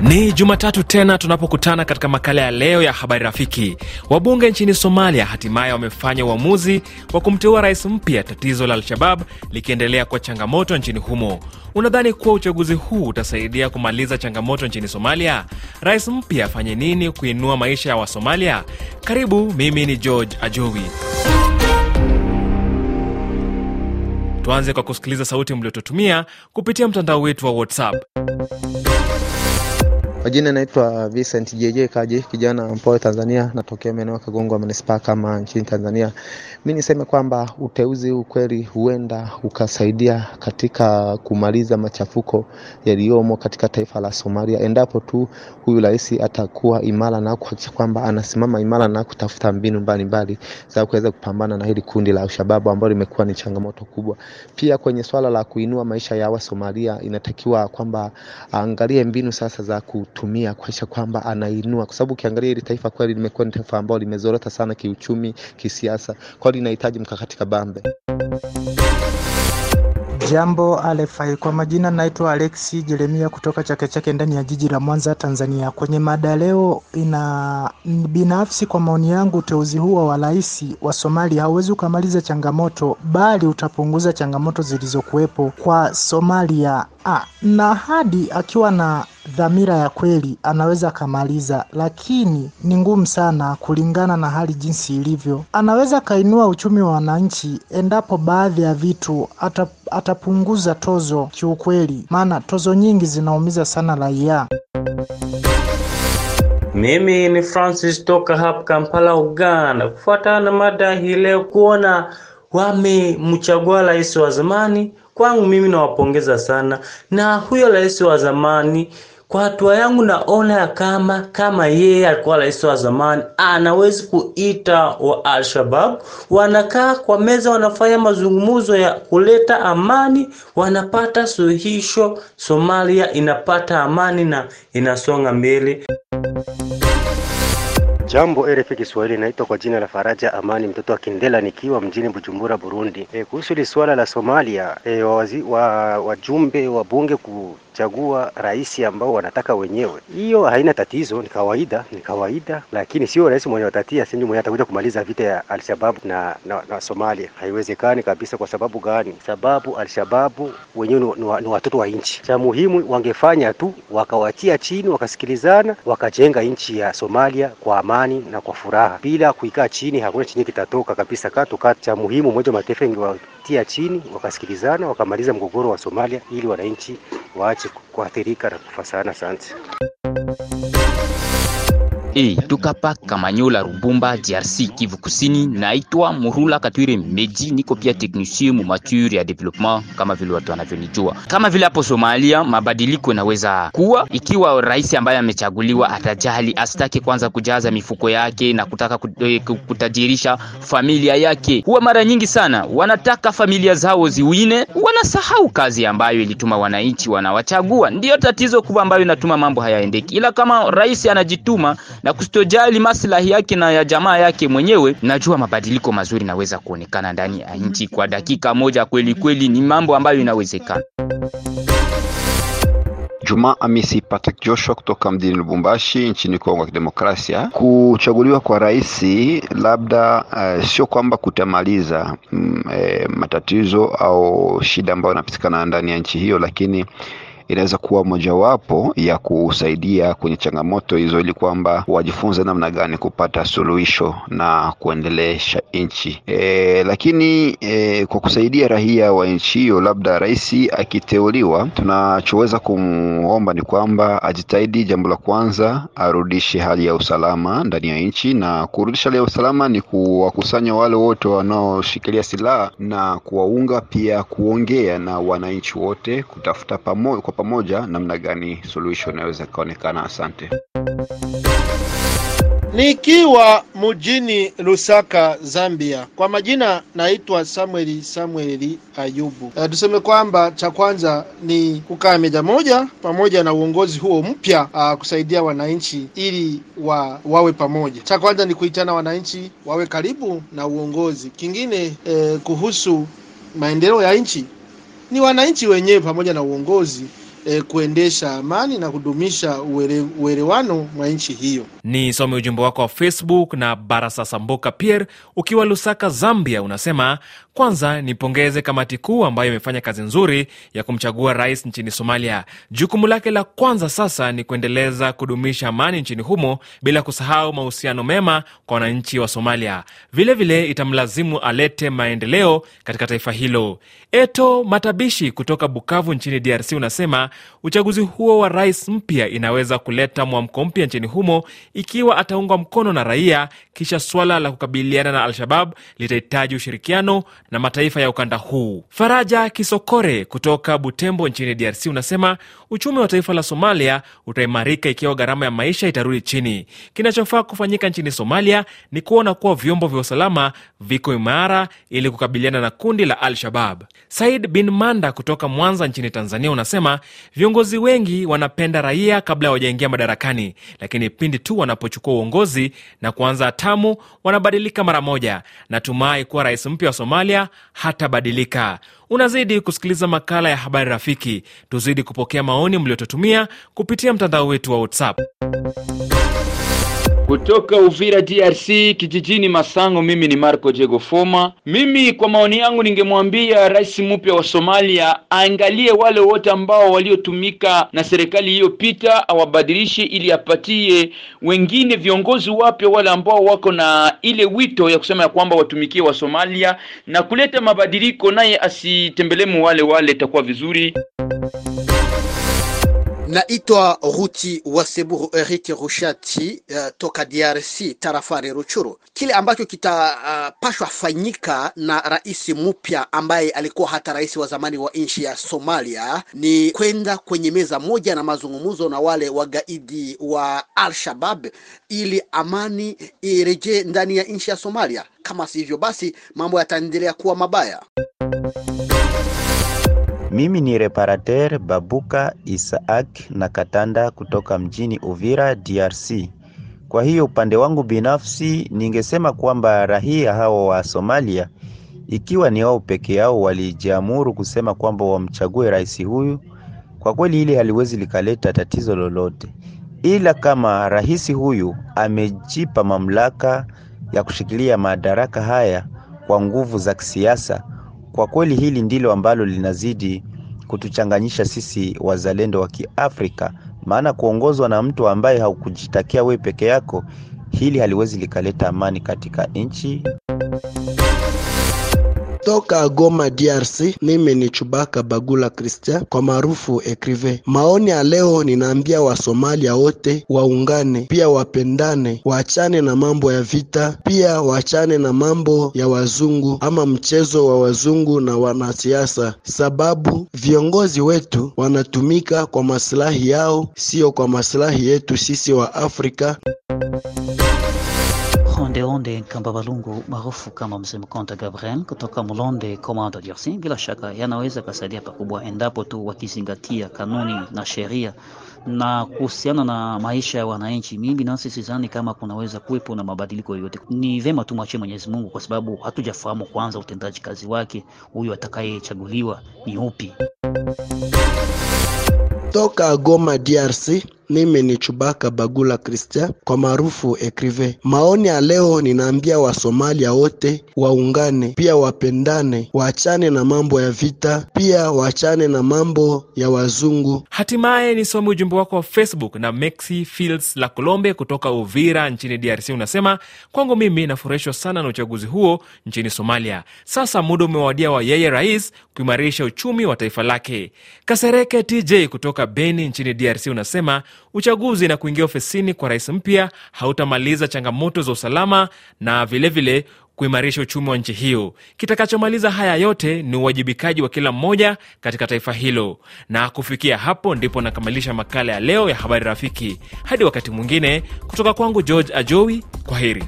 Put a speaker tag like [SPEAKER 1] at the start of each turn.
[SPEAKER 1] Ni Jumatatu tena tunapokutana katika makala ya leo ya habari rafiki. Wabunge nchini Somalia hatimaye wamefanya uamuzi wa kumteua rais mpya, tatizo la Al-Shabab likiendelea kuwa changamoto nchini humo. Unadhani kuwa uchaguzi huu utasaidia kumaliza changamoto nchini Somalia? Rais mpya afanye nini kuinua maisha ya Wasomalia? Karibu, mimi ni George Ajowi. Tuanze kwa kusikiliza sauti mliotutumia kupitia mtandao wetu wa WhatsApp. Kwa jina naitwa Vincent JJ Kaji, kijana mpoa Tanzania, natokea maeneo ya Kagongwa manispaa kama nchini Tanzania. Mimi niseme kwamba uteuzi huu kweli huenda ukasaidia katika kumaliza machafuko yaliyomo katika taifa la Somalia endapo tu huyu rais atakuwa imara na kuhakikisha kwamba anasimama imara na kutafuta mbinu mbalimbali za kuweza kupambana na hili kundi la Alshababu ambalo limekuwa ni changamoto kubwa. Pia kwenye swala la kuinua maisha ya Wasomalia, inatakiwa kwamba aangalie mbinu sasa za ku kutumia kuhakikisha kwamba anainua, kwa sababu ukiangalia hili taifa kweli limekuwa ni taifa ambalo limezorota sana kiuchumi, kisiasa, kwa linahitaji mkakati kabambe. Jambo alefai kwa majina, naitwa Alexi Jeremia kutoka Chake Chake ndani ya jiji la Mwanza, Tanzania. Kwenye mada leo ina binafsi, kwa maoni yangu, uteuzi huo wa rais wa Somalia hauwezi ukamaliza changamoto, bali utapunguza changamoto zilizokuwepo kwa Somalia. Ah, na hadi akiwa na dhamira ya kweli anaweza akamaliza, lakini ni ngumu sana kulingana na hali jinsi ilivyo. Anaweza akainua uchumi wa wananchi endapo baadhi ya vitu atap, atapunguza tozo kiukweli, maana tozo nyingi zinaumiza sana raia. Mimi ni Francis toka hapa Kampala, Uganda. Kufuatana na mada hii leo, kuona wamemchagua rais wa zamani, kwangu mimi nawapongeza sana, na huyo rais wa zamani kwa hatua yangu naona kama kama yeye alikuwa rais wa zamani anawezi kuita wa alshabab wanakaa kwa meza, wanafanya mazungumzo ya kuleta amani, wanapata suhisho Somalia inapata amani na inasonga mbele. Jambo rf Kiswahili, naitwa kwa jina la Faraja Amani mtoto wa Kindela nikiwa mjini Bujumbura, Burundi. E, kuhusu hili swala la Somalia, e, wa, wajumbe wa bunge ku kuchagua rais ambao wanataka wenyewe. Hiyo haina tatizo, ni kawaida, ni kawaida, lakini sio rais mwenye watatia sindi mwenye atakuja kumaliza vita ya Alshababu na, na, na Somalia. Haiwezekani kabisa. Kwa sababu gani? Sababu Alshababu wenyewe ni watoto wa nchi. Cha muhimu wangefanya tu wakawatia chini, wakasikilizana, wakajenga nchi ya Somalia kwa amani na kwa furaha, bila kuikaa chini. Hakuna chenye kitatoka kabisa katu kati Cha muhimu Umoja wa Mataifa wakatia chini, wakasikilizana, wakamaliza mgogoro wa Somalia ili wananchi waache kuathirika na kufa sana. Asante e Tukapa Kamanyola Rubumba DRC Kivu Kusini. Naitwa Murula Katwire Meji, niko pia mu mature ya development kama vile watu wanavyonijua. Kama vile hapo Somalia mabadiliko inaweza kuwa ikiwa rais ambaye amechaguliwa atajali, asitake kwanza kujaza mifuko yake na kutaka eh, kutajirisha familia yake. Huwa mara nyingi sana wanataka familia zao ziwine, wanasahau kazi ambayo ilituma wananchi wanawachagua. Ndiyo tatizo kubwa ambayo inatuma mambo hayaendeki, ila kama rais anajituma na kusitojali maslahi yake na ya jamaa yake mwenyewe, najua mabadiliko mazuri naweza kuonekana ndani ya nchi kwa dakika moja. Kweli kweli ni mambo ambayo inawezekana. Juma Amisi Patrick Joshua kutoka mjini Lubumbashi nchini Kongo ya Kidemokrasia. Kuchaguliwa kwa rais labda uh, sio kwamba kutamaliza mm, eh, matatizo au shida ambayo inapatikana ndani ya nchi hiyo, lakini inaweza kuwa mojawapo ya kusaidia kwenye changamoto hizo, ili kwamba wajifunze namna gani kupata suluhisho na kuendelesha nchi e, lakini e, kwa kusaidia raia wa nchi hiyo, labda rais akiteuliwa, tunachoweza kumwomba ni kwamba ajitahidi, jambo la kwanza arudishe hali ya usalama ndani ya nchi, na kurudisha hali ya usalama ni kuwakusanya wale wote wanaoshikilia silaha na kuwaunga, pia kuongea na wananchi wote kutafuta pamoja pamoja namna gani suluhisho inaweza ikaonekana. Asante. Nikiwa mjini Lusaka, Zambia. Kwa majina naitwa Samueli Samueli Ayubu. E, tuseme kwamba cha kwanza ni kukaa meja moja pamoja na uongozi huo mpya ah, kusaidia wananchi ili wa, wawe pamoja. Cha kwanza ni kuitana wananchi wawe karibu na uongozi. Kingine e, kuhusu maendeleo ya nchi ni wananchi wenyewe pamoja na uongozi e, kuendesha amani na kudumisha uelewano mwa nchi hiyo. Ni some ujumbe wako wa Facebook na Barasa Sambuka Pierre ukiwa Lusaka, Zambia, unasema kwanza nipongeze kamati kuu ambayo imefanya kazi nzuri ya kumchagua rais nchini Somalia. Jukumu lake la kwanza sasa ni kuendeleza kudumisha amani nchini humo bila kusahau mahusiano mema kwa wananchi wa Somalia. Vilevile vile itamlazimu alete maendeleo katika taifa hilo. Eto Matabishi kutoka Bukavu nchini DRC unasema uchaguzi huo wa rais mpya inaweza kuleta mwamko mpya nchini humo ikiwa ataungwa mkono na raia, kisha swala la kukabiliana na Al-Shabab litahitaji ushirikiano na mataifa ya ukanda huu. Faraja Kisokore kutoka Butembo nchini DRC unasema uchumi wa taifa la Somalia utaimarika ikiwa gharama ya maisha itarudi chini. Kinachofaa kufanyika nchini Somalia ni kuona kuwa vyombo vya usalama viko imara ili kukabiliana na kundi la Al-Shabab. Said bin Manda kutoka Mwanza nchini Tanzania unasema viongozi wengi wanapenda raia kabla hawajaingia madarakani, lakini pindi tu wanapochukua uongozi na kuanza tamu wanabadilika mara moja. Natumai kuwa rais mpya wa Somalia Musalia hatabadilika. Unazidi kusikiliza makala ya Habari Rafiki. Tuzidi kupokea maoni mliotutumia kupitia mtandao wetu wa WhatsApp. Kutoka Uvira DRC kijijini Masango, mimi ni Marco Diego Foma. Mimi kwa maoni yangu ningemwambia rais mpya wa Somalia aangalie wale wote ambao waliotumika na serikali iliyopita awabadilishe, ili apatie wengine viongozi wapya, wale ambao wako na ile wito ya kusema ya kwamba watumikie wa Somalia na kuleta mabadiliko, naye asitembelemu wale wale, itakuwa vizuri. Naitwa Ruti Waseburu Eric Rushati uh, toka DRC tarafani Ruchuru. Kile ambacho kitapashwa uh, fanyika na rais mpya ambaye alikuwa hata rais wa zamani wa nchi ya Somalia ni kwenda kwenye meza moja na mazungumzo na wale wagaidi wa Al-Shabab ili amani irejee ndani ya nchi ya Somalia. Kama sivyo, basi mambo yataendelea kuwa mabaya. Mimi ni Reparateur Babuka Isaac na Katanda kutoka mjini Uvira, DRC. Kwa hiyo upande wangu binafsi ningesema kwamba rahia hao wa Somalia ikiwa ni wao peke yao walijiamuru kusema kwamba wamchague rais huyu, kwa kweli ile haliwezi likaleta tatizo lolote, ila kama rais huyu amejipa mamlaka ya kushikilia madaraka haya kwa nguvu za kisiasa kwa kweli hili ndilo ambalo linazidi kutuchanganyisha sisi wazalendo wa Kiafrika, maana kuongozwa na mtu ambaye haukujitakia we peke yako, hili haliwezi likaleta amani katika nchi. Toka Goma, DRC, mimi ni Chubaka Bagula Christian, kwa maarufu Ekrive. Maoni ya leo ninaambia Wasomalia wote waungane, pia wapendane, waachane na mambo ya vita, pia waachane na mambo ya wazungu ama mchezo wa wazungu na wanasiasa, sababu viongozi wetu wanatumika kwa maslahi yao, sio kwa maslahi yetu sisi wa Afrika. Ondeonde kamba Balungu maarufu kama Mzee Mkonta Gabriel kutoka Mlonde Komando DRC, bila shaka yanaweza kasaidia pakubwa endapo tu wakizingatia kanuni na sheria na kuhusiana na maisha ya wananchi, mimi binafsi sidhani kama kunaweza kuwepo na mabadiliko yoyote. Ni vema tumwachie Mwenyezi Mungu, kwa sababu hatujafahamu kwanza utendaji kazi wake huyu atakayechaguliwa ni upi. Toka Goma DRC mimi ni Chubaka Bagula Christian kwa maarufu Ekrive. Maoni ya leo ninaambia Wasomalia wote waungane, pia wapendane, waachane na mambo ya vita, pia waachane na mambo ya wazungu. Hatimaye nisome ujumbe wako wa Facebook na Maxi Fields la Colombe kutoka Uvira nchini DRC, unasema kwangu mimi nafurahishwa sana na uchaguzi huo nchini Somalia. Sasa muda umewadia wa yeye rais kuimarisha uchumi wa taifa lake. Kasereke TJ kutoka Beni nchini DRC unasema uchaguzi na kuingia ofisini kwa rais mpya hautamaliza changamoto za usalama na vilevile vile kuimarisha uchumi wa nchi hiyo. Kitakachomaliza haya yote ni uwajibikaji wa kila mmoja katika taifa hilo. Na kufikia hapo ndipo nakamilisha makala ya leo ya Habari Rafiki. Hadi wakati mwingine, kutoka kwangu George Ajowi, kwa heri.